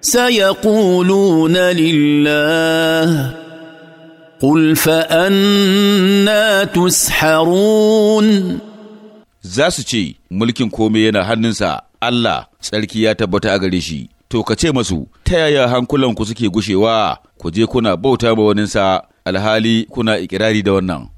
سيقولون لله na فأنا تسحرون za su ce mulkin komai yana hannunsa Allah tsarki ya tabbata a gare shi to ka ce masu ta yaya hankulanku suke gushewa ku je kuna bauta ma waninsa alhali kuna iƙirari da wannan